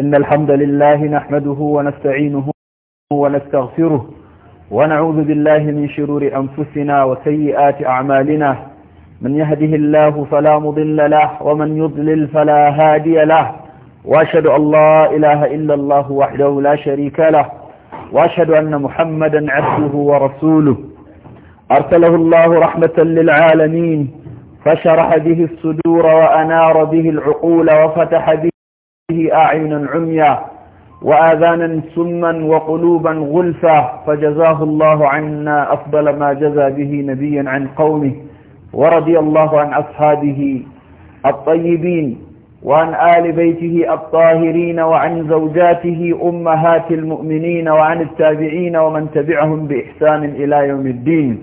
إن الحمد لله نحمده ونستعينه ونستغفره ونعوذ بالله من شرور أنفسنا وسيئات أعمالنا من يهده الله فلا مضل له ومن يضلل فلا هادي له وأشهد أن لا إله إلا الله وحده لا شريك له وأشهد أن محمدا عبده ورسوله أرسله الله رحمة للعالمين فشرح به الصدور وأنار به العقول وفتح به به أعينا عميا وآذانا سما وقلوبا غلفا فجزاه الله عنا أفضل ما جزى به نبيا عن قومه ورضي الله عن أصحابه الطيبين وعن آل بيته الطاهرين وعن زوجاته أمهات المؤمنين وعن التابعين ومن تبعهم بإحسان إلى يوم الدين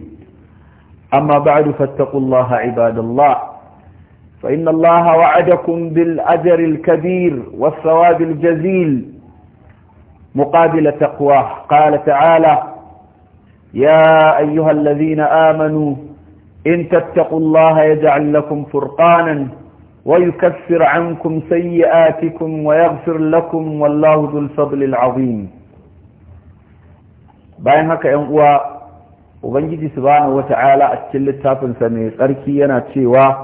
أما بعد فاتقوا الله عباد الله فإن الله وعدكم بالأجر الكبير والثواب الجزيل مقابل تقواه قال تعالى يا أيها الذين آمنوا إن تتقوا الله يجعل لكم فرقانا ويكفر عنكم سيئاتكم ويغفر لكم والله ذو الفضل العظيم bayan haka ‘yan uwa Ubangiji subhanahu wa ta'ala a cikin littafinsa mai tsarki yana cewa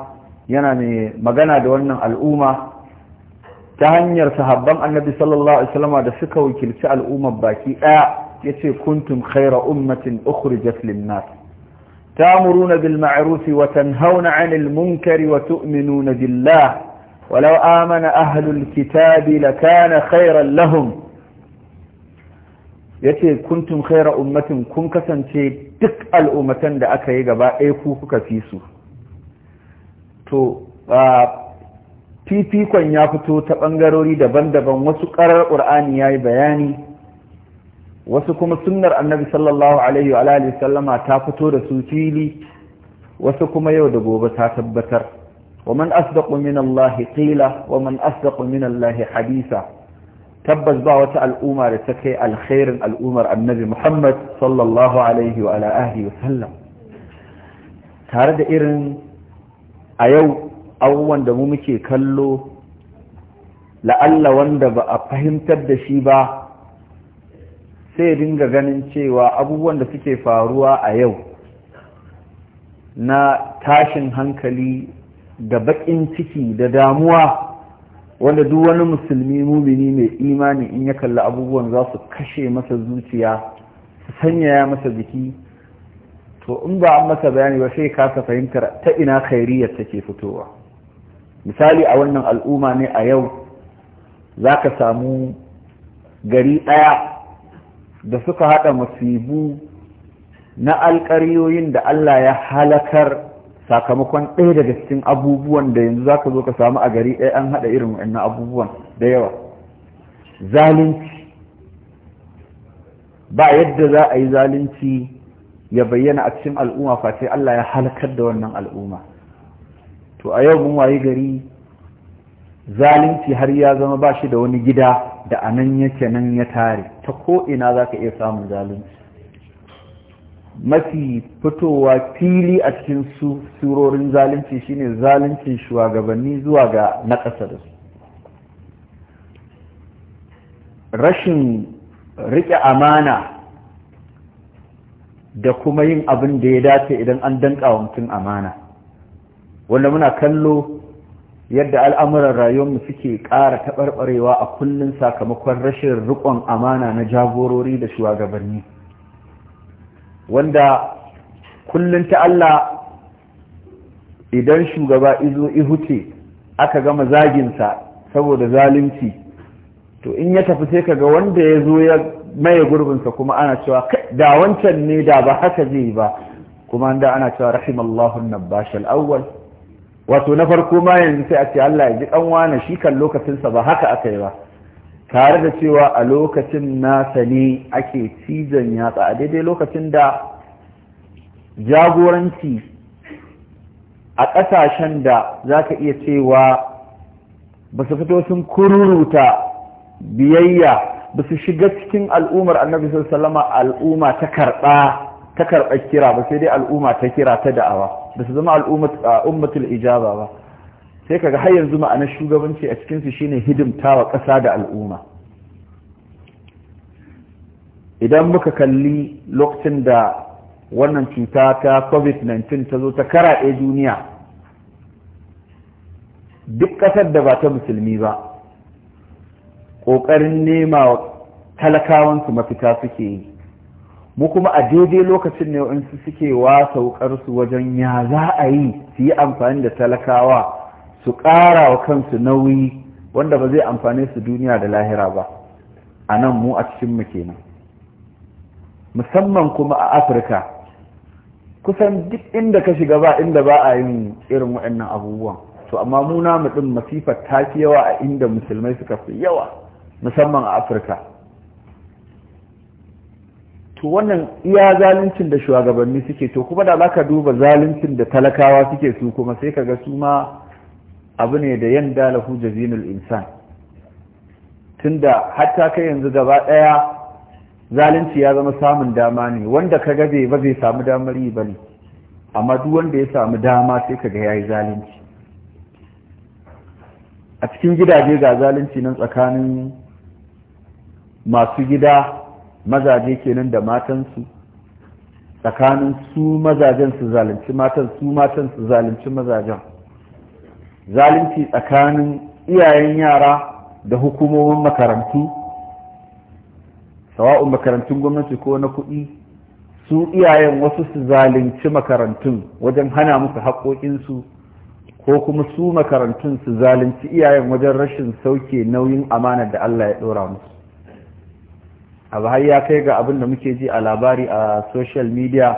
yana mai magana da wannan al'umma ta hanyar sahabban annabi sallallahu alaihi wasallam da suka wakilci al'ummar baki daya yace kuntum khayra ummatin ukhrijat lin-nas ta'muruna bil ma'ruf wa tanhauna 'anil munkari wa tu'minuna billah ولو آمن أهل الكتاب لكان خيرا لهم yace kuntum khaira ummatin kun kasance duk al'ummatan da aka yi gaba ɗaya ku kuka fi su to fifikon ya fito ta ɓangarori daban-daban wasu ƙarar ƙur'ani ya yi bayani wasu kuma sunnar annabi sallallahu alaihi wa alihi sallama ta fito da su fili wasu kuma yau da gobe ta tabbatar wa man asdaqu min Allah qila wa man asdaqu min Allah hadisa tabbas ba wata al'umma da ta kai alkhairin al'ummar annabi Muhammad sallallahu alaihi wa alihi wa sallam tare da irin a yau abubuwan da mu muke kallo la'alla wanda ba a fahimtar da shi ba sai dinga ganin cewa abubuwan da suke faruwa a yau na tashin hankali da bakin ciki da damuwa wanda duk wani musulmi mumini mai imani in ya kalli abubuwan za su kashe masa zuciya su sanyaya masa jiki so in ba an masa bayani ba sai kasa fahimtar ta ina khairiyar take fitowa misali a wannan al'umma ne a yau za ka samu gari ɗaya da suka haɗa masibu na alƙaryoyin da Allah ya halakar sakamakon ɗaya daga cikin abubuwan da yanzu za ka zo ka samu a gari ɗaya an haɗa irin wannan abubuwan da yawa zalunci ba yadda za a yi zalunci ya bayyana a cikin al'umma face Allah ya halakar da wannan al'umma to a yau mun wayi gari zalunci har ya zama ba shi da wani gida da anan yake nan ya tare ta ko za ka iya samun zalunci mafi fitowa fili a cikin surorin zalunci shine zaluncin shugabanni zuwa ga na ƙasa da su rashin riƙe amana da kuma yin abin da ya dace idan an danka wa mutum amana wanda muna kallo yadda al'amuran rayuwarmu suke ƙara taɓarɓarewa a kullum sakamakon rashin riƙon amana na jagorori da shugabanni wanda kullum ta Allah idan shugaba izo ihute aka gama zaginsa saboda zalunci to in ya tafi sai kaga wanda ya zo ya maye gurbinsa kuma ana cewa da wancan ne da ba haka zai ba kuma da ana cewa rahimallahu nabash al al'awwal. wato na farko ma yanzu sai a ce Allah ya ji ɗanwana wane shi kan lokacinsa ba haka aka yi ba tare da cewa a lokacin nasa ne ake cizon yatsa a daidai lokacin da jagoranci a ƙasashen da za ka iya cewa ba su fito sun kururuta biyayya ba su shiga cikin al'umar annabi sallama al'umma ta karɓa ta karɓa kira ba sai dai al'umma ta kira ta da'awa ba su zama al'ummatul ijaba ba sai kaga har yanzu ma'anar shugabanci a cikin su shine hidimtawa ƙasa da al'umma idan muka kalli lokacin da wannan cuta ta covid-19 ta zo ta karaɗe duniya duk ƙasar da ba ta musulmi ba ƙoƙarin nema wa talakawansu mafita suke yi mu kuma a daidai lokacin ne in suke wa su wajen ya za a yi su yi amfani da talakawa su ƙara wa kansu nauyi wanda ba zai amfane su duniya da lahira ba a nan mu a cikinmu kenan musamman kuma a afirka kusan duk inda ka shiga ba inda ba a yin irin waɗannan abubuwan to amma mu namu ɗin masifar ta fi yawa a inda musulmai suka fi yawa musamman a afirka to wannan iya zaluncin da shugabanni suke to kuma da zaka duba zaluncin da talakawa suke su kuma sai kaga su ma abu ne da yanda lahu jazinul insan tunda hatta kai yanzu gaba ɗaya, zalunci ya zama samun dama ne wanda ka gabe ba zai samu damar yi bane amma duk wanda ya samu dama sai kaga yayi zalunci a cikin gidaje ga zalunci nan tsakanin masu gida mazaje kenan da matansu tsakanin su mazajen su zalunci matan su matan su zalunci mazajen zalunci tsakanin iyayen yara da hukumomin makarantu sawa'un makarantun gwamnati ko na kuɗi su iyayen wasu su zalunci makarantun wajen hana musu haƙoƙinsu ko kuma su makarantun su zalunci iyayen wajen rashin sauke nauyin amanar da Allah ya ɗora musu abu har ya kai ga abin da muke ji a labari a social media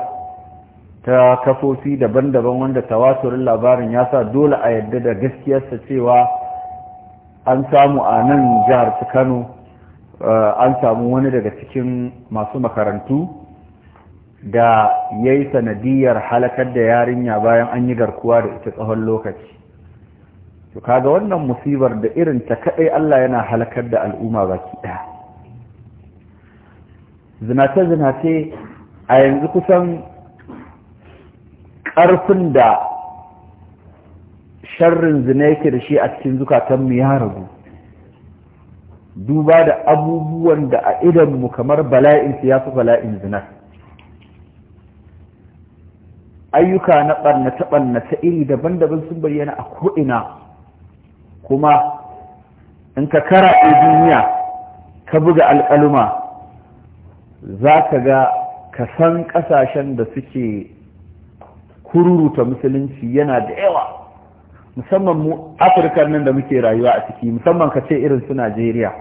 ta kafofi daban-daban wanda tawaturin labarin ya sa dole a yadda da gaskiyarsa cewa an samu a nan jihar su kano eh, an samu wani daga cikin masu makarantu da ya yi sanadiyar halakar da yarinya bayan an yi garkuwa da ita tsawon lokaci to kaga wannan musibar da irin ta kaɗai allah yana halakar da al'umma baki ɗaya zinace-zinace a yanzu kusan ƙarfin da sharrin zina yake da shi a cikin zukatanmu ya ragu duba da abubuwan da a idanmu kamar bala'in ya fi bala'in zina ayyuka na ɓarnace-ɓarnace iri daban-daban sun bayyana a ko'ina kuma in ka kara duniya ka buga alƙaluma za ka ga ka san ƙasashen da suke kururuta musulunci yana da yawa musamman mu afirka nan da muke rayuwa a ciki musamman ka ce irin su najeriya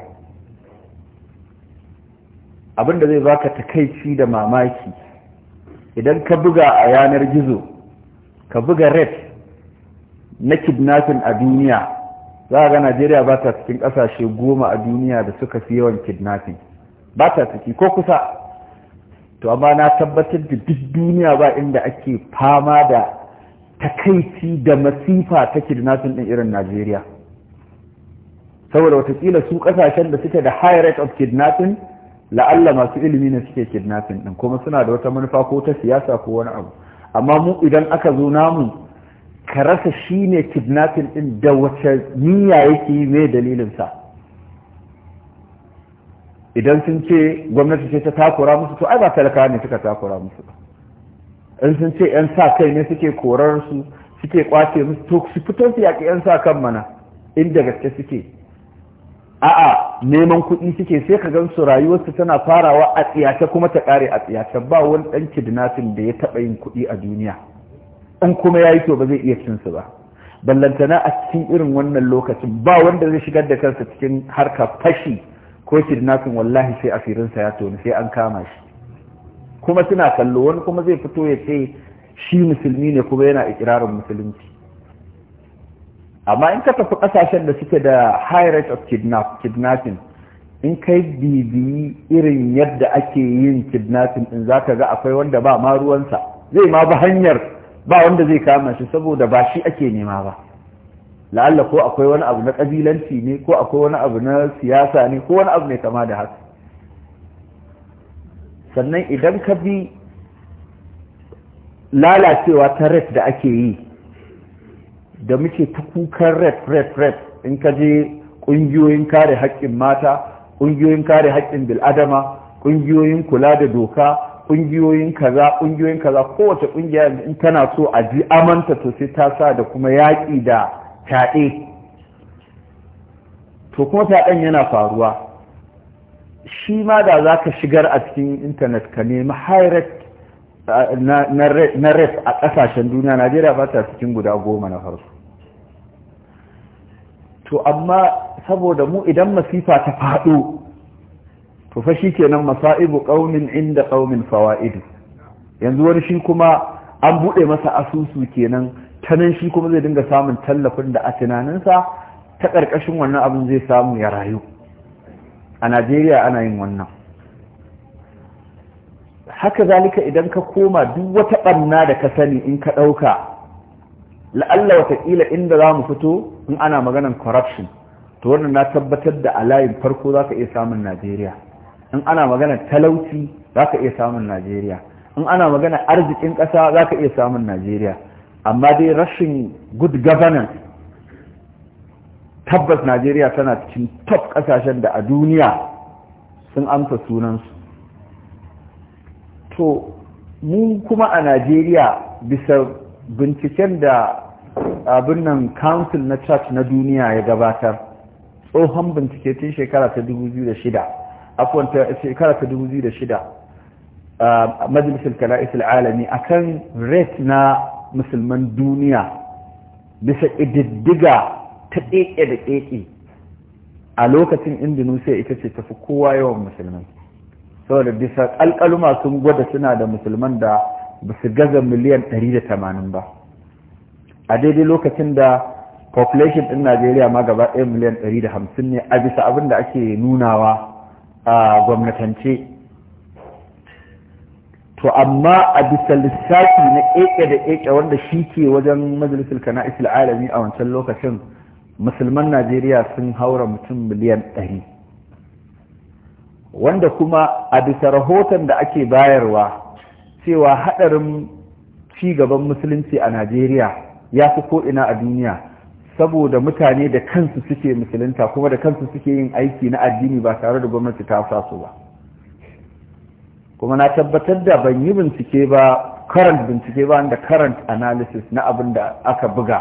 abinda zai baka takaici da mamaki idan ka buga a yanar gizo ka buga red na kidnafin a duniya za ga najeriya ba ta cikin ƙasashe goma a duniya da suka fi yawan kidnafin ba ta ciki ko kusa to amma na tabbatar da duk duniya ba inda ake fama da takaici da masifa ta kidnapping din irin Najeriya saboda watakila su kasashen da suke da high rate of kidnapping la'alla masu ilimi ne suke kidnapping din kuma suna da wata manufa ko ta siyasa ko wani abu amma mu idan aka zo namu ka rasa shine kidnapping din da wace niyya yake yi mai dalilin sa idan sun ce gwamnati ce ta takura musu to ai ba talakawa ne suka takura musu ba in sun ce yan sa kai ne suke korar su suke kwace musu to su fito su yaƙi yan sa kan mana inda gaske suke a'a neman kuɗi suke sai ka gan su rayuwarsu tana farawa a tsiyace kuma ta ƙare a tsiyace ba wani ɗan kidnapping da ya taɓa yin kuɗi a duniya in kuma ya yi to ba zai iya cin su ba ballantana a cikin irin wannan lokacin ba wanda zai shigar da kansa cikin harka fashi ko kidnapping wallahi sai asirinsa ya toni sai an kama shi kuma suna kallo wani kuma zai fito ya ce shi musulmi ne kuma yana ikirarin musulunci amma in ka tafi kasashen da suke da high rate of kidnapping in kai bibiyi irin yadda ake yin kidnapping in za ka ga akwai wanda ba ma ruwansa zai ma ba hanyar ba wanda zai kama shi saboda ba shi ake nema ba la'alla ko akwai wani abu na kabilanci ne ko akwai wani abu na siyasa ne ko wani abu ne kama da haka sannan idan ka bi lalacewa ta red da ake yi da muke ta kukan red red red in ka je ƙungiyoyin kare haƙƙin mata ƙungiyoyin kare haƙƙin bil'adama ƙungiyoyin kula da doka ƙungiyoyin kaza ƙungiyoyin kaza kowace ƙungiya in tana so a ji amanta to sai ta sa da kuma yaƙi da Taɗe, to kuma fyaɗen yana faruwa shi ma da za ka shigar a cikin intanet ka nemi hirat na ref a ƙasashen duniya najeriya ba ta cikin guda goma na farko to amma saboda mu idan masifa ta faɗo to fa shi kenan masa'ibu ƙaunin inda ƙaunin fawa'idu yanzu wani shi kuma an buɗe masa asusu kenan ta nan shi kuma zai dinga samun tallafin da a tunaninsa ta ƙarƙashin wannan abin zai samu ya rayu a najeriya ana yin wannan haka zalika idan ka koma duk wata ɓanna da ka sani in ka ɗauka la'alla watakila inda za mu fito in ana maganan corruption to wannan na tabbatar da a layin farko za ka iya samun najeriya in ana maganar talauci za ka iya samun najeriya in ana maganar arzikin ƙasa za ka iya samun najeriya amma dai rashin good governance tabbas najeriya tana cikin top kasashen da a duniya sun amsa sunansu to mu kuma a najeriya bisa binciken da abin nan council na church na duniya ya gabatar tsohon bincike tun shekara ta 2006 afuwan shekara ta 2006 majalisar kala'is al'alami kan rate na musulman duniya bisa ƙididdiga ta ƙeƙe da ƙeƙe a lokacin indonesia ita ce tafi kowa yawan musulmai saboda bisa ƙalƙaluma sun gwada suna da musulman da ba su gaza miliyan 180 ba a daidai lokacin da population ɗin najeriya ma gaba ɗaya miliyan 150 ne a bisa abin da ake nunawa a gwamnatance to amma a bisa lissafi na ƙeƙe da ƙeƙe wanda shi ke wajen majalisar kana'is alami a wancan lokacin musulman najeriya sun haura mutum miliyan ɗari wanda kuma a bisa rahoton da ake bayarwa cewa haɗarin cigaban musulunci a najeriya ya fi ko'ina a duniya saboda mutane da kansu suke musulunta kuma da kansu suke yin aiki na addini ba tare da gwamnati ta ba kuma na tabbatar da ban yi bincike ba current bincike ba da current analysis na abin da aka buga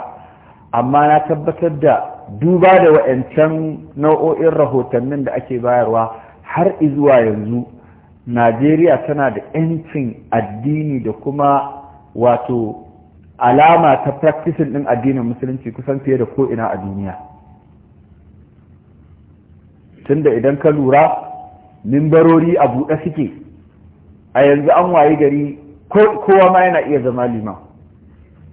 amma na tabbatar da duba da wa'ancan nau'o'in rahotannin da ake bayarwa har izuwa yanzu najeriya tana da 'yancin addini da kuma wato alama ta practicing ɗin addinin musulunci kusan fiye da ko'ina a duniya tunda idan ka lura mimbarori a buɗe suke a yanzu an wayi gari kowa ma yana iya zama liman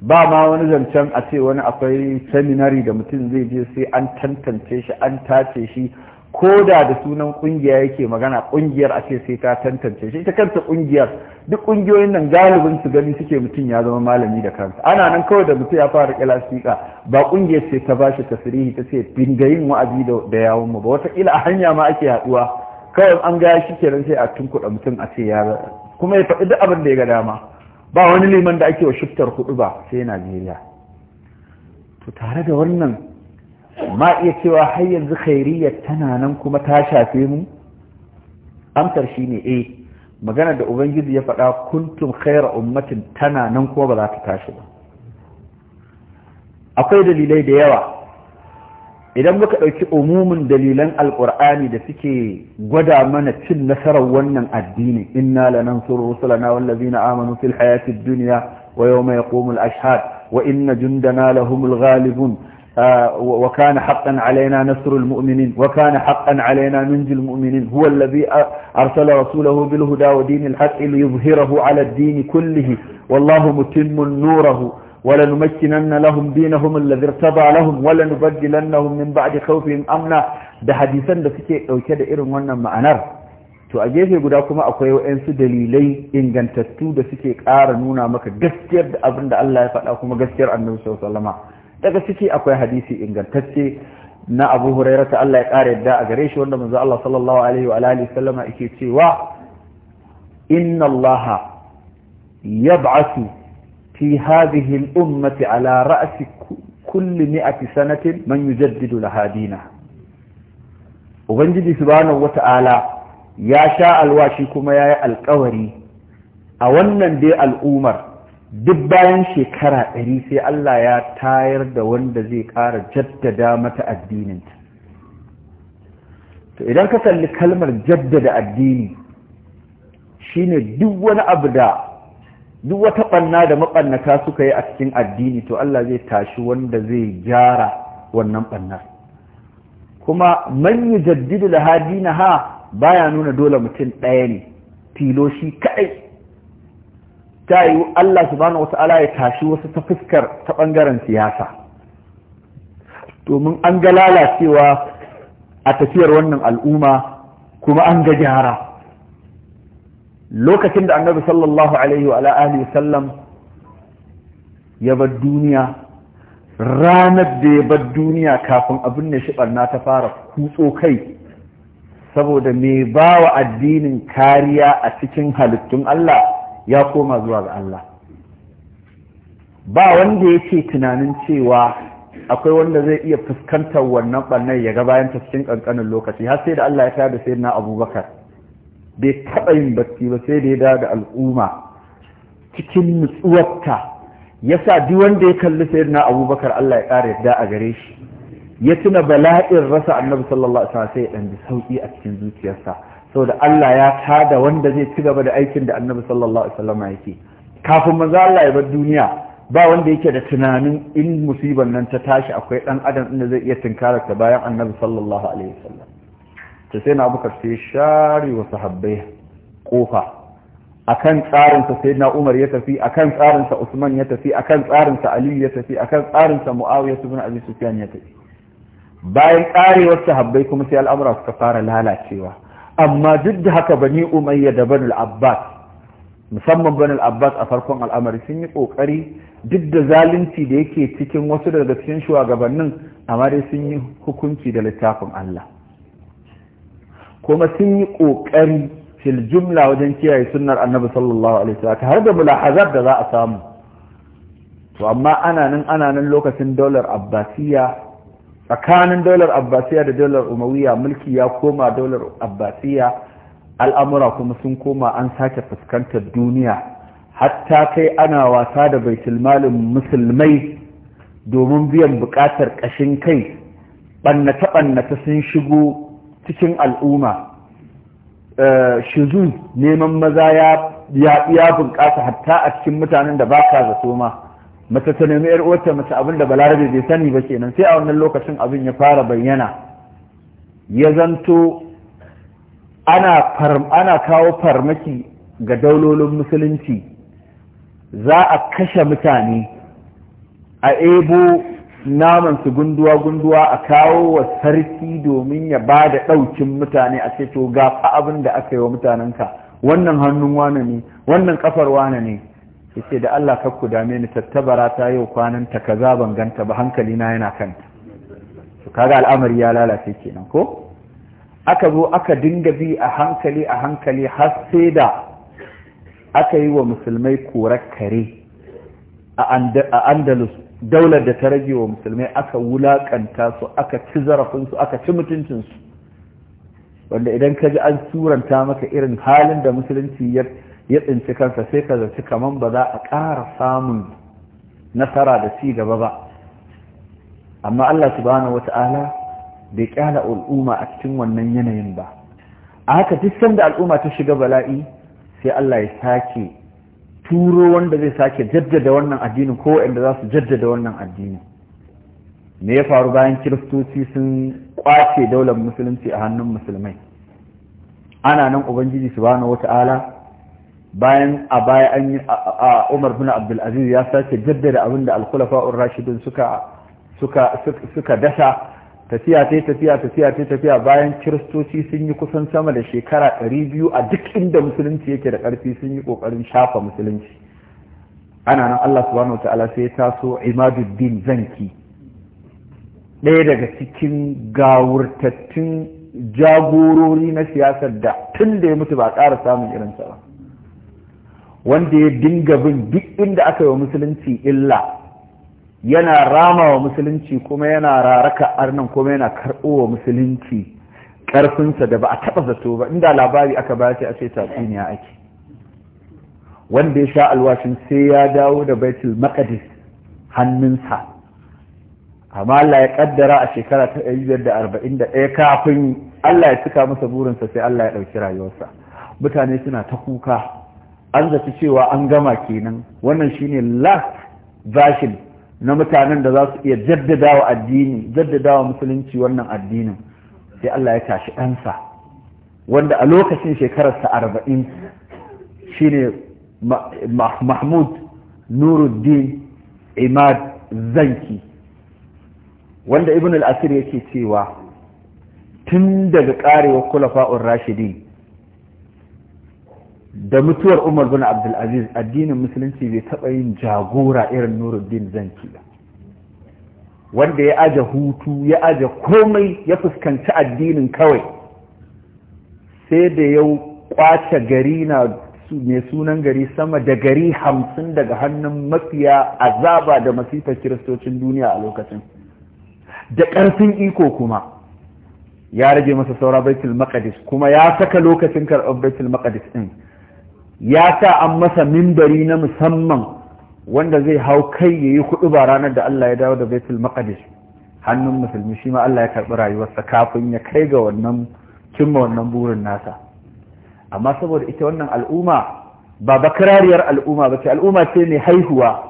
ba ma wani zancen a ce wani akwai seminari da mutum zai je sai an tantance shi an tace shi ko da da sunan kungiya yake magana kungiyar a ce sai ta tantance shi ita kanta kungiyar duk kungiyoyin nan galibin su gani suke mutum ya zama malami da kansa ana nan kawai da mutum ya fara kila sika ba kungiyar ce ta bashi tasirihi ta ce bingayin yin wa'azi da yawon mu ba wataƙila a hanya ma ake haɗuwa kawai an ga shi kenan sai a tunkuɗa mutum a ce ya kuma ya faɗi duk abin da ya ga dama ba wani liman da ake wa shiftar kuɗi ba sai najeriya to tare da wannan ma iya cewa har yanzu khairiyya tana nan kuma ta shafe mu amsar shi ne eh magana da ubangiji ya faɗa kuntum khaira ummatin tana nan kuma ba za ta tashi ba akwai dalilai da yawa idan muka ɗauki umumin dalilan alƙur'ani da suke gwada mana cin nasarar wannan addini inna la nansuru rusulana wal ladina amanu fil hayatid dunya wa yawma yaqumul ashhad wa inna jundana lahumul ghalibun wa kana haqqan وكان حقا علينا نصر المؤمنين وكان mu'minin huwa alladhi arsala rasulahu bil huda wa dinil ودين liyuzhirahu ala ad-din kullihi wallahu متم نوره ولنمكنن لهم دينهم الذي ارتضى لهم ولنبدلنهم من بعد خوفهم امنا da hadisan da suke dauke da irin wannan ma'anar to a gefe guda kuma akwai wayansu dalilai ingantattu da suke ƙara nuna maka gaskiyar da abin da Allah ya faɗa kuma gaskiyar Annabi sallallahu alaihi daga ciki akwai hadisi ingantacce na Abu huraira ta Allah ya ƙara yadda a gare shi wanda manzo Allah sallallahu alaihi wa alihi sallama yake cewa inna Allah yab'athu في هذه الأمة على رأس كل مئة سنة من يجدد لها دينها Ubangiji subhanahu wata'ala ya sha alwashi kuma ya yi alkawari a wannan dai al'ummar, duk bayan shekara ɗari sai Allah ya tayar da wanda zai ƙara jaddada mata addininta. To idan ka kalli kalmar jaddada addini shine duk wani abu da duk wata ɓanna da maɓannata suka yi a cikin addini to Allah zai tashi wanda zai gyara wannan ɓannar kuma man yi jaddidu ha, ha baya nuna dole mutum ɗaya ne tilo shi kaɗai ta yi Allah subhanahu wa ta'ala ya tashi wasu ta fuskar ta ɓangaren siyasa domin an ga lalacewa a tafiyar wannan al'umma kuma an ga gyara lokacin da annabi sallallahu alaihi wa alihi sallam ya bar duniya ranar da ya bar duniya kafin abin da shi barna ta fara kutso kai saboda mai ba wa addinin kariya a cikin halittun Allah ya koma zuwa ga Allah ba wanda yake tunanin cewa akwai wanda zai iya fuskantar wannan ɓannan ya ga bayan cikin ƙanƙanin lokaci har sai da Allah ya tayar da sayyidina Abubakar bai taɓa yin bacci ba sai da ya dawo da al'umma cikin nutsuwarta Ya sa duk wanda ya kalli na abubakar Allah ya ƙara yadda a gare shi ya tuna bala'in rasa annabi sallallahu alaihi wasallam sai ya ɗanbi sauƙi a cikin zuciyarsa saboda Allah ya tada wanda zai ci gaba da aikin da annabi sallallahu alaihi wasallam yake kafin maza Allah ya bar duniya ba wanda yake da tunanin in musibar nan ta tashi akwai ɗan adam inda zai iya tunkarar ta bayan annabi sallallahu alaihi wasallam ta sai na abubakar sai shari wa sahabbai kofa a kan tsarinsa sai na umar ya tafi a kan tsarinsa usman ya tafi a kan tsarinsa aliyu ya tafi a kan tsarinsa tafi na sufiyan ya tafi bayan karewar sahabbai kuma sai al'amura suka fara lalacewa amma duk da haka bani umayya da banul abbas musamman banul abbas a farkon al'amari sun yi kokari duk da zalunci da yake cikin wasu daga cikin shugabannin amma dai sun yi hukunci da littafin Allah kuma sun yi ƙoƙari fil jumla wajen kiyaye sunnar annabi sallallahu alaihi wasallam har da mulahazar da za a samu to amma ana nan ana nan lokacin dolar abbasiya tsakanin daular abbasiya da daular umawiya mulki ya koma dolar abbasiya al'amura kuma sun koma an sake fuskantar duniya hatta kai ana wasa da baitulmalin musulmai domin biyan buƙatar ƙashin kai ɓannata ɓannace sun shigo cikin al'umma eh, Shizu neman maza ya bunƙasa hatta a cikin mutanen da ba ka zato ma mace ta nemi yar uwarta mace abin da balarabe bai sani ba kenan sai a wannan lokacin abin ya fara bayyana ya zanto ana kawo farmaki ga daulolin musulunci za a kashe mutane a ebo naman su gunduwa gunduwa a kawo wa sarki domin ya ba da ɗaukin mutane a ce to ga abin da aka yi wa mutanenka wannan hannun wane ne wannan kafar wane ne yace da Allah ka ku dame ni tattabara ta yau kwanan ta kaza ban ganta ba hankali na yana kanta to kaga al'amari ya lalace kenan ko aka zo aka dinga bi a hankali a hankali har sai da aka yi wa musulmai korar kare a Andalus daular da ta rage wa musulmai aka wulakanta su aka ci zarafinsu aka ci mutuncinsu wanda idan ka ji an suranta maka irin halin da musulunci ya tsinci kansa sai ka zaci kaman ba za a ƙara samun nasara da ci gaba ba amma Allah subhanahu wata'ala bai kyala al'umma a cikin wannan yanayin ba a haka duk sanda al'umma ta shiga bala'i sai Allah ya sake turo wanda zai sake jaddada wannan addinin ko wanda za su jaddada wannan addini me ya faru bayan kiristoci sun kwace daular musulunci a hannun musulmai ana nan ubangiji subhanahu wata'ala bayan a baya an yi a Umar bin Abdul Aziz ya sake jaddada abin da al rashidun suka suka suka dasa tafiya ta tafiya tafiya ta tafiya bayan kiristoci sun yi kusan sama da shekara ɗari biyu a duk inda musulunci yake da ƙarfi sun yi ƙoƙarin shafa musulunci ana nan Allah subhanahu wa ta'ala sai ya taso imaduddin zanki ɗaya daga cikin gawurtattun jagorori na siyasar da tun da ya mutu ba ƙara samun irinsa ba wanda ya dinga bin duk inda aka yi wa musulunci illa yana rama wa musulunci kuma yana raraka arnan kuma yana karɓo wa musulunci ƙarfinsa da ba a taɓa zato ba inda labari aka ba sai a ce tatsuniya ake wanda ya sha alwashin sai ya dawo da baitul maqdis hannunsa amma Allah ya kaddara a shekara ta da arba'in ɗaya kafin Allah ya cika masa burinsa sai Allah ya ɗauki rayuwarsa mutane suna ta kuka an zaci cewa an gama kenan wannan shine last version na mutanen da za su iya jaddadawa addini jaddadawa musulunci wannan addinin sai Allah ya tashi ɗansa wanda a lokacin shekararsa arba'in shine mahmud nuruddin imad zanki wanda ibn al-asir yake cewa tun daga ƙarewar kulafa'un rashidin da mutuwar umar bin abdulaziz addinin musulunci bai taɓa yin jagora irin nuruddin zanki ba wanda ya aje hutu ya aje komai ya fuskanci addinin kawai sai da ya kwace gari na mai sunan gari sama da gari hamsin daga hannun mafiya azaba da masifar kiristocin duniya a lokacin da ƙarfin iko kuma ya rage masa saura baitul maqdis kuma ya saka lokacin karɓar baitul maqdis ɗin. ya sa an masa mimbari na musamman wanda zai hau kai ya yi huɗu ba ranar da Allah ya dawo da baitul maqdis hannun musulmi shi ma Allah ya karɓi rayuwarsa kafin ya kai ga wannan cimma wannan burin nasa amma saboda ita wannan al'umma ba bakarariyar al'umma ba ce al'umma ce mai haihuwa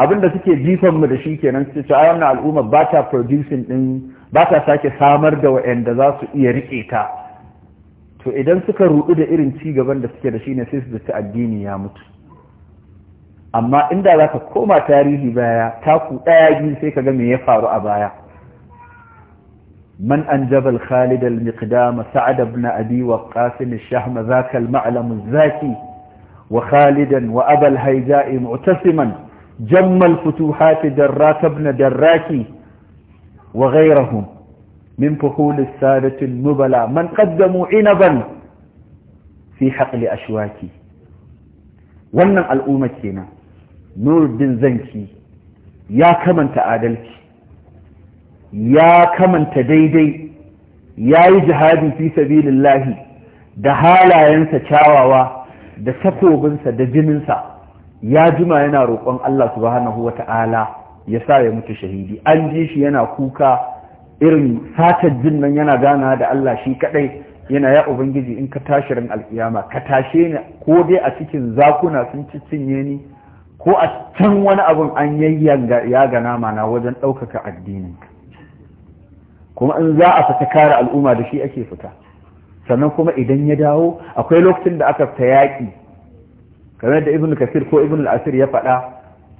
Abin da suke jifan mu da shi kenan su ce ayyana al'umma ba ta producing din ba ta sake samar da wa'anda za su iya rike ta to idan suka rudu da irin ci gaban da suke da shi ne sai su zaci addini ya mutu amma inda za ka koma tarihi baya taku ɗaya biyu sai ka ga me ya faru a baya من أنجب الخالد المقدام سعد بن أبي وقاس الشهم ذاك المعلم الزاكي وخالدا وأبا الهيجاء معتصما جم الفتوحات دراك بن دراكي وغيرهم min fuhuli sadatin nubala man qaddamu inaban fi haqli ashwaki wannan al'umma kenan nuruddin zanki ya kamanta adalci ya kamanta daidai ya yi jihadi fi sabilillahi da halayensa kyawawa da takobinsa da jininsa ya jima yana roƙon Allah subhanahu wata'ala ya sa ya mutu shahidi an ji shi yana kuka irin satar jin nan yana gana da Allah shi kadai yana ya ubangiji in ka tashi ran alkiyama ka tashe ni ko dai a cikin zakuna sun cinye ni ko a can wani abun an yayyanga ya ga nama na wajen ɗaukaka addinin kuma in za a fita kare al'umma da shi ake fita sannan kuma idan ya dawo akwai lokacin da aka fita yaƙi kamar da ibn kasir ko ibn al-asir ya faɗa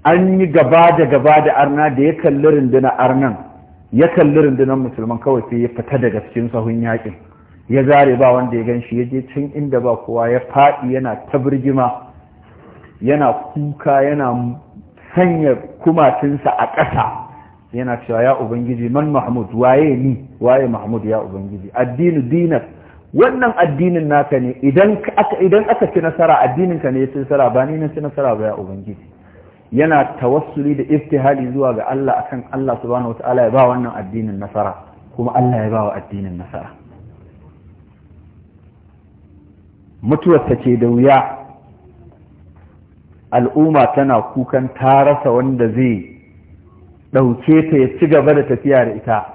an yi gaba da gaba da arna da ya kalli rundunar arnan ya kalli rundunar musulman kawai sai ya fita daga cikin sahun yakin ya zare ba wanda ya ganshi ya je can inda ba kowa ya faɗi yana ta birgima yana kuka yana sanya kumatinsa a ƙasa yana cewa ya ubangiji man mahmud waye ni waye mahmud ya ubangiji addinu dinar wannan addinin naka ne idan aka ci nasara addinin ka ne ya ci nasara ba ni na ci nasara ba ya ubangiji yana tawassuli da iftihali zuwa ga Allah akan Allah subhanahu ta'ala ya ba wannan addinin nasara kuma Allah ya ba wa addinin nasara mutuwar ta ce da wuya al'umma tana kukan ta rasa wanda zai ɗauke ta ya ci gaba da tafiya da ita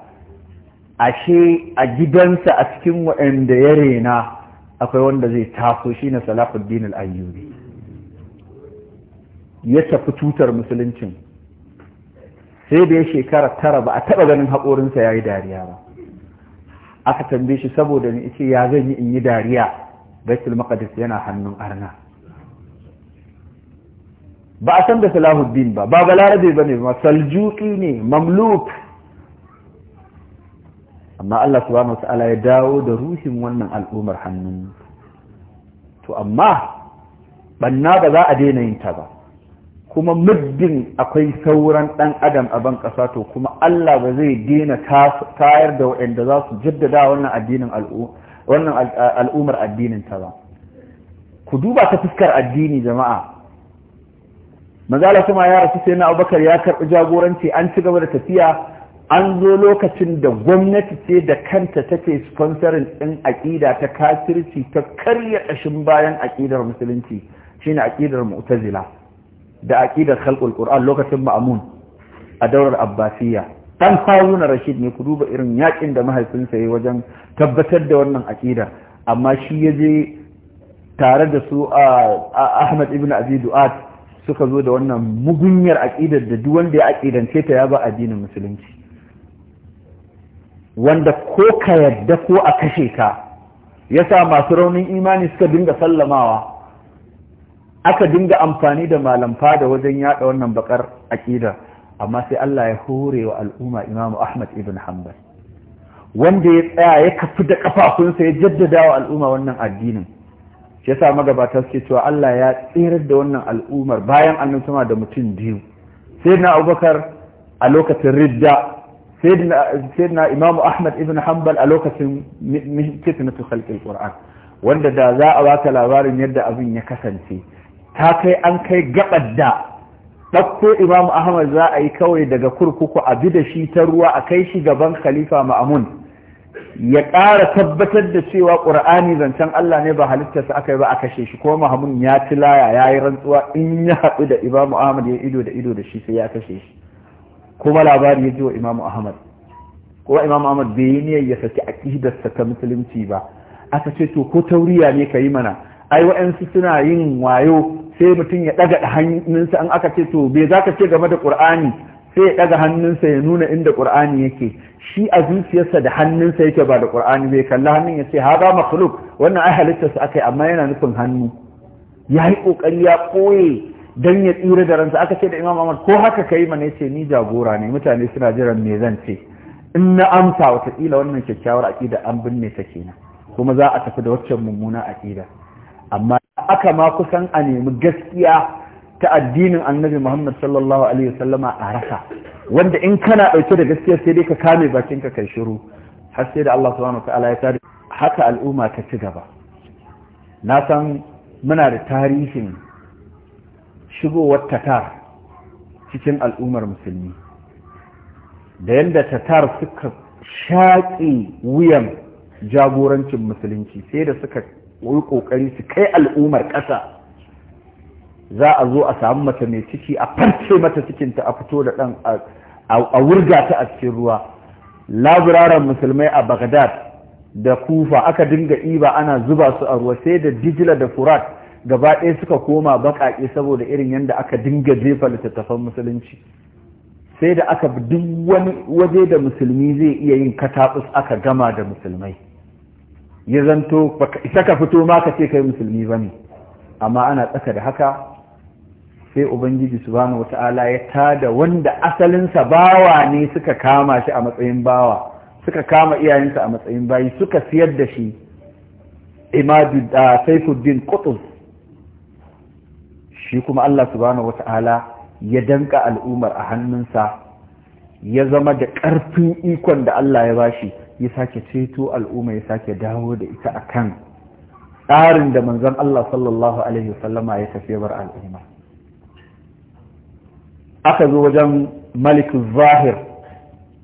ashe a gidansa a cikin waɗanda ya rena akwai wanda zai taso shine salafuddin al-ayyubi ya tafi tutar musuluncin sai da ya shekara tara ba a taɓa ganin haƙorinsa ya yi dariya ba aka tambaye shi saboda ni ce ya zan yi in yi dariya baitul maqdis yana hannun arna ba a san da salahuddin ba ba balarabe ba ne ba saljuki ne mamluk amma Allah subhanahu wataala ya dawo da ruhin wannan al'ummar hannun to amma banna ba za a daina yin ta ba kuma muddin akwai sauran ɗan adam a ban ƙasa to kuma Allah ba zai dina tayar da waɗanda za su jaddada wannan addinin al'umar addinin ta ba ku duba ta fuskar addini jama'a mazala kuma ya rasu sai na abubakar ya karɓi jagoranci an ci gaba da tafiya an zo lokacin da gwamnati ce da kanta take sponsorin ɗin aƙida ta kasirci, ta karya ƙashin bayan aƙidar musulunci shine aƙidar mu'tazila da aƙidar khalqul qur'an lokacin ma'mun a daular abbasiyya dan haruna rashid ne ku duba irin yakin da mahaifinsa yayi wajen tabbatar da wannan aqida amma shi ya je tare da su a ahmad ibnu abi du'at suka zo da wannan mugunyar aƙidar da duk wanda ya aqidance ta ya ba addinin musulunci wanda ko ka yadda ko a kashe ka yasa masu raunin imani suka dinga sallamawa aka dinga amfani da malam fada wajen yada wannan bakar aqida amma sai Allah ya hore wa al'umma Imam Ahmad ibn Hanbal wanda ya tsaya ya kafi da kafafunsa ya jaddada wa al'umma wannan addinin shi yasa magabata suke cewa Allah ya tsirar da wannan al'ummar bayan annabi sama da mutum biyu na Abubakar a lokacin ridda na Imam Ahmad ibn Hanbal a lokacin na khalqil Qur'an wanda da za a baka labarin yadda abin ya kasance ta kai an kai gabar da ɗauko imamu ahmad za a yi kawai daga kurkuku a bi da shi ta ruwa a kai shi gaban khalifa ma'amun ya ƙara tabbatar da cewa ƙur'ani zancen Allah ne ba halittarsa aka yi ba a kashe shi kuma mahamun ya ci laya ya yi rantsuwa in ya haɗu da imamu ahmad ya ido da ido da shi sai ya kashe shi kuma labari ya ji wa imamu ahmad ko imamu ahmad bai yi niyyar ya saki aƙidarsa ta musulunci ba aka ce to ko tauriya ne ka yi mana ai wa'ansu suna yin wayo sai mutum ya ɗaga hannunsa an aka ce to bai za ka ce game da ƙur'ani sai ya ɗaga hannunsa ya nuna inda ƙur'ani yake shi a zuciyarsa da hannunsa yake ba da ƙur'ani bai kalla hannun ya ce haza makhluk wannan ai halittarsa aka yi amma yana nufin hannu ya yi ƙoƙari ya ɓoye dan ya tsira da ransa aka ce da imam ahmad ko haka ka yi mana ce ni jagora ne mutane suna jiran me zan ce in na amsa wataƙila wannan kyakkyawar aƙida an binne ta kenan kuma za a tafi da waccan mummuna aƙida amma aka ma kusan a nemi gaskiya ta addinin annabi Muhammad sallallahu alaihi wasallama a rasa wanda in kana ɗauke da gaskiya sai dai ka kame bakin ka kai shiru har sai da Allah subhanahu ta'ala ya tare haka al'umma ta ci gaba na san muna da tarihin shigowar tatar cikin al'ummar musulmi da yadda tatar suka shaƙi wuyan jagorancin musulunci sai da suka wai kokari su kai al'ummar ƙasa za a zo a samu mata mai ciki a farce mata cikinta a fito da ɗan a wurga ta a cikin ruwa laburaren musulmai a bagdad da kufa aka dinga iba ana zuba su a ruwa sai da dijila da furat gaba ɗaya suka koma baƙaƙe saboda irin yadda aka dinga jefa littattafan musulunci sai da aka duk wani waje da musulmi zai iya yin kataɓus aka gama da musulmai ya zanto baka isa ka fito ma ka ce kai musulmi ba ne. amma ana tsaka da haka sai ubangiji subhanahu wata'ala ya tada wanda asalinsa bawa ne suka kama shi a matsayin bawa suka kama iyayensa a matsayin bayi suka siyar da shi imadu da saifuddin qutuz shi kuma Allah subhanahu wata'ala ya danka al'umar a hannunsa ya zama da ƙarfin ikon da Allah ya bashi ya sake ceto al'umma ya sake dawo da ita akan tsarin da manzon Allah sallallahu alaihi wasallama ya tafi bar al'umma aka zo wajen malik zahir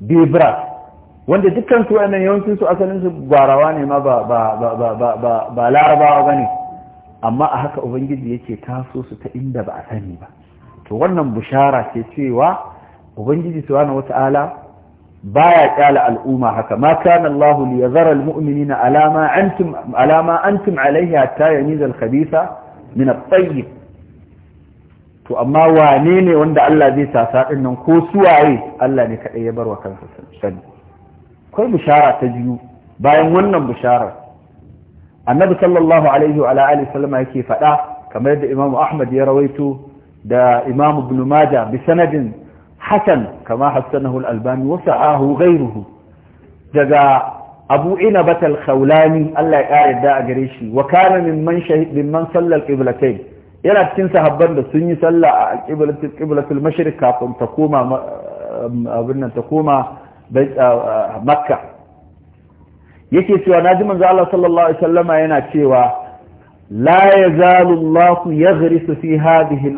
bibra wanda dukkan su wannan yawancin su asalin su gwarawa ne ma ba ba ba ne. amma a haka ubangiji yake taso su ta inda ba a sani ba to wannan bushara ce cewa ubangiji wata wata'ala baya kyala al'umma haka ma kana Allah li yazara almu'minina ala ma antum ala antum alayhi hatta yamiza al-khabitha min tayyib to amma wane ne wanda Allah zai sasa din nan ko suwaye Allah ne kadai ya bar wa kansa sani kai bishara ta biyu bayan wannan bishara annabi sallallahu alaihi wa alihi sallama yake faɗa kamar yadda imamu ahmad ya rawaito da imamu ibn majah bi sanadin Hassan kama hassanahu al-albani daga abu inabat Allah ya kare da a gare shi wa kana mimman shahid yana cikin sahabban da sun sallah a qiblatul qiblatul kafin ta yake cewa naji manzo Allah yana cewa fi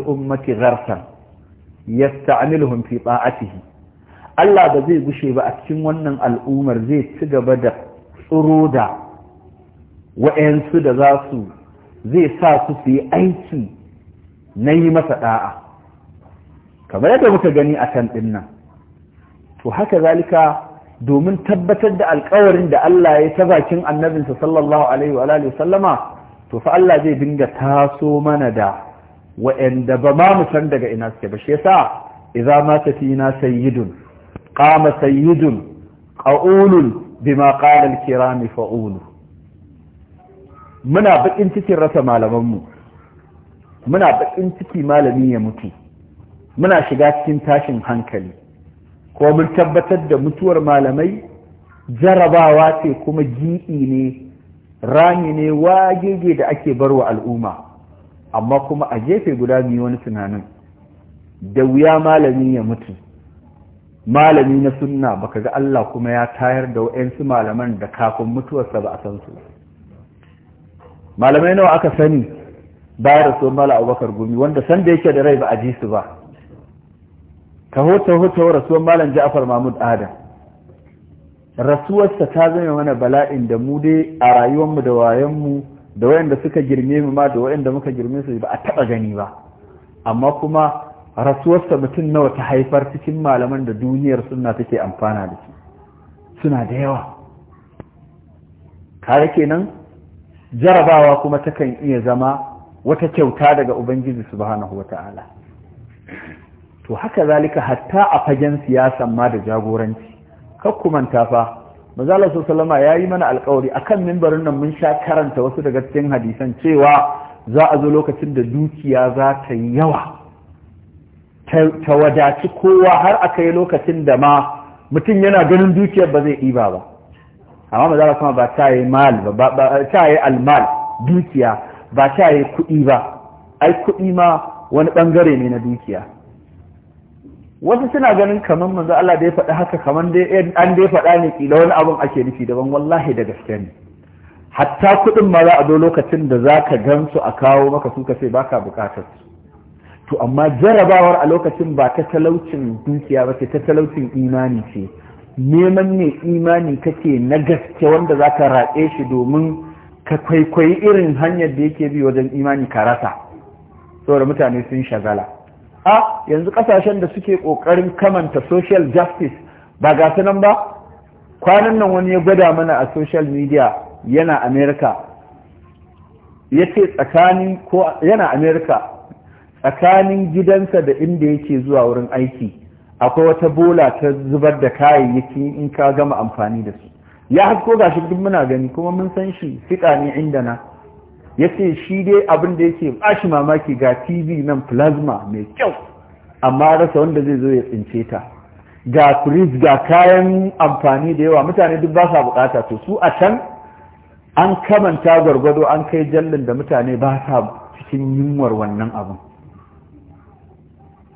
ummati yasta'miluhum fi ta'atihi Allah ba zai gushe ba a cikin wannan al'ummar zai ci gaba da tsoro da wa'yansu da za su zai sa su su yi aiki na yi masa da'a kamar yadda muka gani a can ɗin nan to haka zalika domin tabbatar da alkawarin da Allah ya ta bakin annabinsa sallallahu alaihi wa sallama to fa Allah zai dinga taso mana da wa'anda ba ma mu san daga ina suke ba shi yasa idza fi na sayyidun qama sayyidun qaulun bima qala al-kiram fa'ulu muna bakin cikin rasa malaman mu muna bakin ciki malami ya mutu muna shiga cikin tashin hankali ko mun tabbatar da mutuwar malamai jarabawa ce kuma gidi ne rami ne wagege da ake barwa al'umma amma kuma a gefe guda biyu wani tunanin da wuya malami ya mutu malami na sunna baka ga Allah kuma ya tayar da wa'yansu malaman da kafin mutuwarsa ba a san su malamai nawa aka sani ba da so mala abubakar gumi wanda sanda yake da rai ba a ji su ba taho taho taho rasuwar malam ja'far mahmud adam rasuwarsa ta zama mana bala'in da mu dai a rayuwarmu da wayanmu da wayanda suka girme mu ma da wayanda muka girme su ba a taba gani ba amma kuma rasuwarsa mutum nawa ta haifar cikin malaman da duniyar sunna take amfana da shi suna da yawa kare kenan jarabawa kuma takan iya zama wata kyauta daga ubangiji subhanahu wata'ala to haka zalika hatta a fagen siyasan ma da jagoranci kakkumanta fa mazalar su salama ya yi mana alkawari akan mimbarin nan mun sha karanta wasu daga cikin hadisan cewa za a zo lokacin da dukiya za ta yi yawa ta wadaci kowa har aka yi lokacin da ma mutum yana ganin dukiyar ba zai ɗiba ba amma mazalar kuma ba ta yi mal ba ta yi almal dukiya ba ta yi kuɗi ba ai kuɗi ma wani ɓangare ne na dukiya wasu suna ganin kamar manzo Allah da ya faɗi haka kamar dai an dai faɗa ne kila wani abun ake nufi daban wallahi da gaske ne hatta kuɗin ma za a zo lokacin da za ka gan su a kawo maka su ka sai baka buƙatar su to amma jarabawar a lokacin ba ta talaucin dukiya ba ce ta talaucin imani ce neman ne imani kake na gaske wanda za ka raƙe shi domin ka kwaikwayi irin hanyar da yake bi wajen imani ka rasa saboda mutane sun shagala a yanzu kasashen da suke kokarin kamanta social justice ba ga nan ba kwanan nan wani ya gwada mana a social media yana america ya tsakanin ko yana america tsakanin gidansa da inda yake zuwa wurin aiki akwai wata bola ta zubar da kayayyaki in ka gama amfani da su ya hasko gashi duk muna gani kuma mun san shi fika ne inda na ya ce shi dai abin da yake bashi mamaki ga tv nan plasma mai kyau amma rasa wanda zai zo ya tsince ta ga kuris ga kayan amfani da yawa mutane duk ba sa bukata to su a can an kamanta gwargwado an kai jallin da mutane ba sa cikin yunwar wannan abin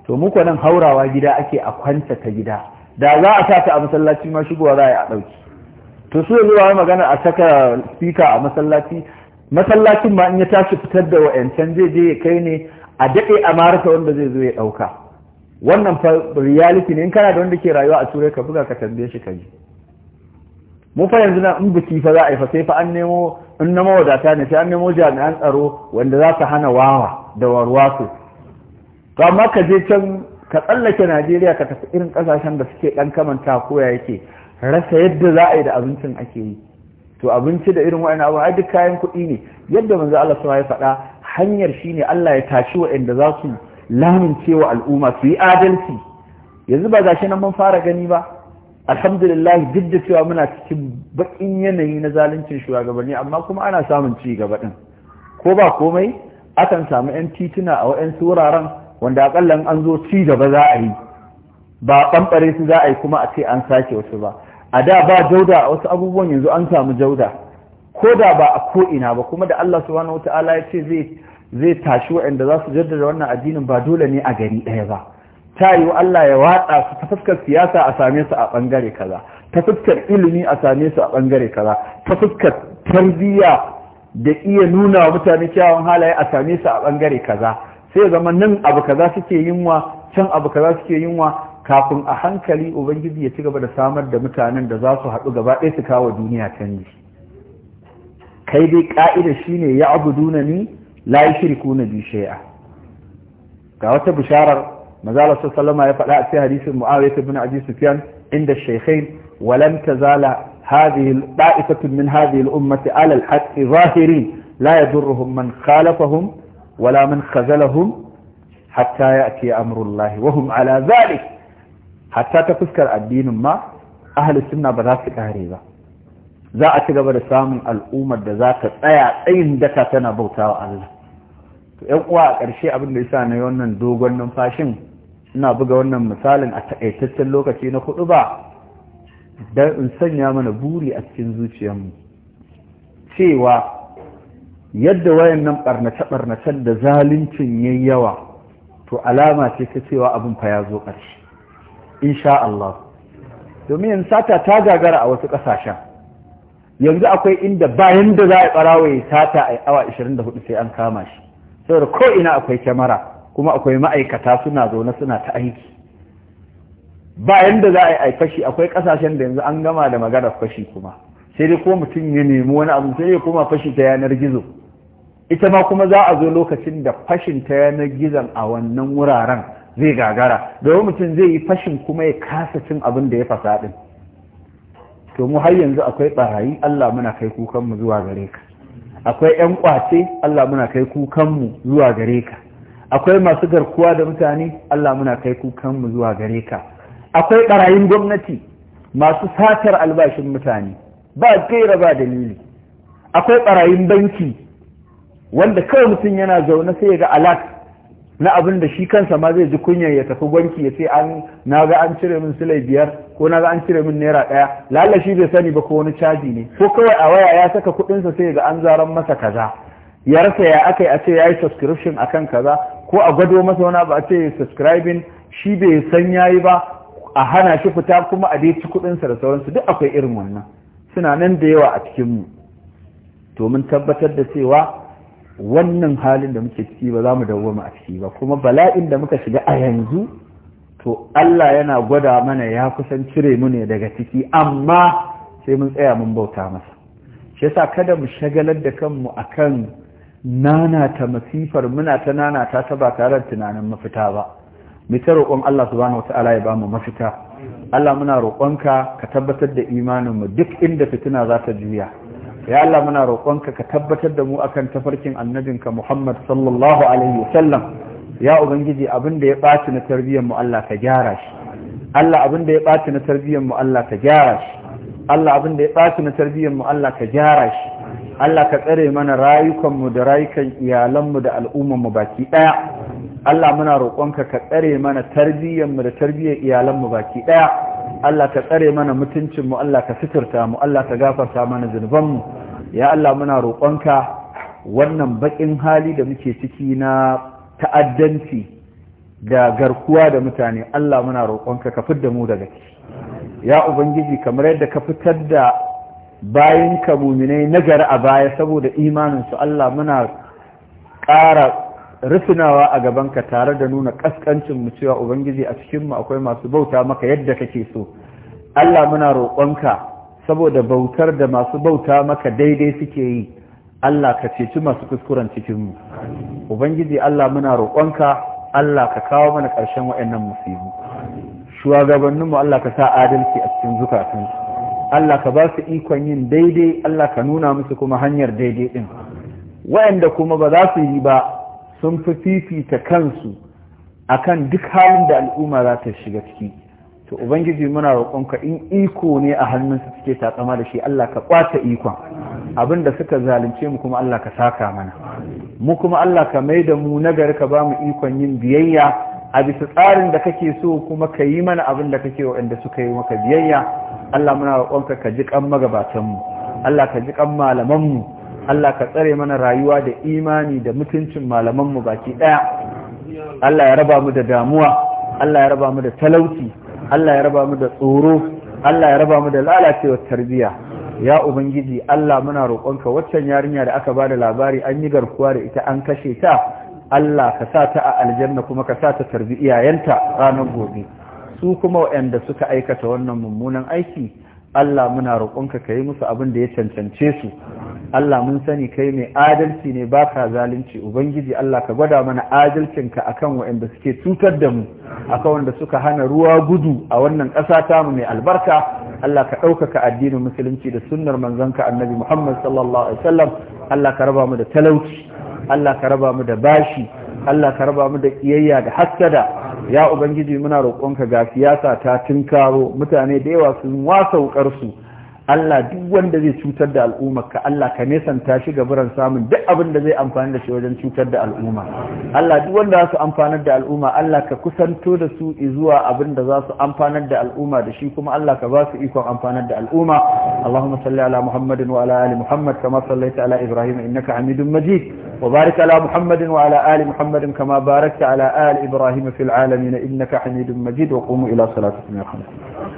to muku nan haurawa gida ake a kwanta ta gida da za a sa ta a masallaci ma shigowa za a yi a ɗauki to su yanzu ba magana a saka spika a masallaci masallacin ma in ya tashi fitar da wa'yancan zai je ya kai ne a daɗe a marasa wanda zai zo ya ɗauka wannan fa reality ne in kana da wanda ke rayuwa a turai ka buga ka tambaye shi ka ji mu fa yanzu na in biki fa za a yi fa sai fa an nemo in na mawadata ne sai an nemo jami'an tsaro wanda za su hana wawa da warwaso to amma ka je can ka tsallake najeriya ka tafi irin ƙasashen da suke ɗan kamanta ko ya yake rasa yadda za a yi da abincin ake yi to abinci da irin wa'ina abu ai duk kayan kuɗi ne yadda manzo Allah ya faɗa hanyar shine Allah ya tashi wa'anda za su lamince wa al'umma su yi adalci yanzu ba gashi nan mun fara gani ba alhamdulillah duk cewa muna cikin baƙin yanayi na zaluncin shugabanni amma kuma ana samun ci gaba ɗin ko ba komai akan samu 'yan tituna a waɗansu wuraren wanda akalla an zo ci gaba za a yi ba ɓamɓare su za a yi kuma a ce an sake wasu ba a da ba jauda a wasu abubuwan yanzu an samu jauda ko da ba a ko'ina ba kuma da Allah subhanahu wata'ala ya ce zai tashi waɗanda za su jaddada wannan addinin ba dole ne a gari ɗaya ba ta yiwu Allah ya watsa su ta fuskar siyasa a same su a ɓangare kaza ta fuskar ilimi a same su a ɓangare kaza ta fuskar tarbiyya da iya nuna wa mutane kyawun halaye a same su a ɓangare kaza sai zama nan abu kaza suke yin wa can abu kaza suke yin wa. kafin a hankali ubangiji ya ci gaba da samar da mutanen da za su haɗu gaba ɗaya su kawo duniya canji kai dai ƙa'ida shine ya abu ni la yushriku na bi ga wata bisharar mazala sallama ya faɗa a cikin hadisin muawiya ibn abi sufyan inda shaykhain wa lam tazala hadhihi da'ifatu min hadhihi al-ummati ala al-haqq zahirin la yadurruhum man khalafahum wala man khazalahum hatta ya'ti amru Allah ala dhalik hatta ta fuskar addinin ma ahli sunna ba za su kare ba za a ci gaba da samun al'ummar da za ta tsaya tsayin daka tana bautawa Allah to ƴan uwa a ƙarshe abin da yasa na yi wannan dogon numfashin ina buga wannan misalin a taƙaitaccen lokaci na hudu ba don in sanya mana buri a cikin zuciyarmu cewa yadda wayannan ɓarnace-ɓarnacen da zaluncin yayi yawa to alama ce ta cewa abin fa ya zo ƙarshe insha Allah domin yanzu sata ta gagara a wasu ƙasashen yanzu akwai inda bayan da za a ɓarawa ya sata a awa 24 sai an kama shi saboda koina ina akwai kyamara kuma akwai ma'aikata suna zaune suna ta aiki bayan da za a yi a fashi akwai ƙasashen da yanzu an gama da maganar fashi kuma sai dai ko mutum ya nemi wani abu sai ya koma fashi ta yanar gizo ita ma kuma za a zo lokacin da fashin ta yanar gizon a wannan wuraren zai gagara domin mutum zai yi fashin kuma ya kasa cin abin da ya fasa din to mu har yanzu akwai barayi Allah muna kai kukan mu zuwa gare ka akwai yan kwace Allah muna kai kukan mu zuwa gare ka akwai masu garkuwa da mutane Allah muna kai kukan mu zuwa gare ka akwai ɓarayin gwamnati masu satar albashin mutane ba gaira ba dalili akwai ɓarayin banki wanda kawai mutum yana zaune sai ya ga na abin da shi kansa ma zai ji kunya ya tafi gwanki ya ce an na ga an cire min silai biyar ko na ga an cire min naira ɗaya lalla shi bai sani ba ko wani caji ne ko kawai a waya ya saka sa sai ga an zaran masa kaza ya rasa ya aka a ce ya yi subscription akan kaza ko a gwado masa wani ba a ce subscribing shi bai san ya yi ba a hana shi fita kuma a dai ci sa da sauransu duk akwai irin wannan suna nan da yawa a cikinmu to mun tabbatar da cewa wannan halin da muke ciki ba za mu mu a ciki ba kuma bala'in da muka shiga a yanzu to Allah yana gwada mana ya kusan cire mu ne daga ciki amma sai mun tsaya mun bauta masa shi yasa kada mu shagalar da kanmu akan ta masifar muna ta nanata ta ba tare da tunanin mafita ba mu ta roƙon Allah subhanahu wata'ala ya bamu mafita Allah muna roƙonka ka tabbatar da imanin mu duk inda fitina za ta juya ya Allah muna roƙonka ka tabbatar da mu akan tafarkin annabinka Muhammad sallallahu alaihi wasallam ya ubangiji abin da ya ɓaci na tarbiyyar mu Allah ka gyara shi Allah abin da ya ɓaci na tarbiyyar mu Allah ka gyara shi Allah abin da ya ɓaci na tarbiyyar mu Allah ka gyara shi Allah ka tsare mana rayukan mu da rayukan iyalan mu da al'umman mu baki ɗaya Allah muna roƙonka ka tsare mana tarbiyyar mu da tarbiyyar iyalan mu baki ɗaya Allah ka tsare mana mutuncinmu Allah ka suturta mu Allah ka gafarta mana zunubanmu ya Allah muna roƙonka wannan baƙin hali da muke ciki na ta'addanci da garkuwa da mutane Allah muna roƙonka ka da mu daga ciki ya ubangiji kamar yadda ka fitar da bayinka ka muminai nagari a baya saboda imanin su Allah muna ƙara Rufinawa a gabanka tare da nuna kaskancin mu cewa ubangiji a cikin mu akwai masu bauta maka yadda kake so Allah muna roƙonka saboda bautar da masu bauta maka daidai suke yi Allah ka ceci masu kuskuren cikin mu ubangiji Allah muna roƙonka Allah ka kawo mana ƙarshen waɗannan musibu mu Allah ka sa adalci a cikin zukatansu Allah ka ba su ikon yin daidai Allah ka nuna musu kuma hanyar daidai din waɗanda kuma ba za su yi ba sun fi fifita kansu a kan duk halin da al'umma za ta shiga ciki to ubangiji muna roƙonka in iko ne a hannunsu suke tatsama da shi Allah ka ƙwace ikon abin da suka zalunce mu kuma Allah ka saka mana mu kuma Allah ka mai da mu nagari ka ba mu ikon yin biyayya a bisa tsarin da kake so kuma ka yi mana abin da kake waɗanda suka yi maka biyayya Allah muna roƙonka ka ji kan magabatan mu Allah ka ji kan malaman mu Allah ka tsare mana rayuwa da imani da mutuncin malamanmu baki ɗaya Allah ya raba mu da damuwa Allah ya raba mu da talauci Allah ya raba mu da tsoro Allah ya raba mu da lalacewar tarbiyya ya ubangiji Allah muna roƙonka waccan yarinya da aka bada labari an yi garkuwa da ita an kashe ta Allah ka sa ta a aljanna kuma ka sa ta tarbi iyayenta ranar gobe su kuma waɗanda suka aikata wannan mummunan aiki Allah muna roƙonka ka yi musu abin da ya cancance su Allah mun sani kai mai adalci ne ba ka zalunci ubangiji Allah ka gwada mana adalcinka a akan wayanda suke cutar da mu a kan wanda suka hana ruwa gudu a wannan ƙasa mu mai albarka Allah ka ɗaukaka addinin musulunci da sunnar manzanka annabi Muhammad sallallahu alaihi wasallam Allah ka raba mu da talauci Allah ka raba mu da bashi Allah ka raba mu da kiyayya da hassada ya ubangiji muna roƙonka ga siyasa ta tunkaro mutane da yawa sun wasa wukarsu Allah duk wanda zai cutar da al'umma ka Allah ka nesanta shi ga buran samun duk abin da zai amfani da shi wajen cutar da al'umma Allah duk wanda za su amfanar da al'umma Allah ka kusanto da su zuwa abin da za su amfanar da al'umma da shi kuma Allah ka ba su ikon amfanar da al'umma Allahumma salli ala Muhammadin wa ala ali Muhammad kama sallaita ala Ibrahim innaka Hamidum Majid wa barik ala Muhammadin wa ala ali Muhammadin kama barakta ala ali Ibrahim fil alamin innaka Hamidum Majid wa qumu ila salatikum yarhamukum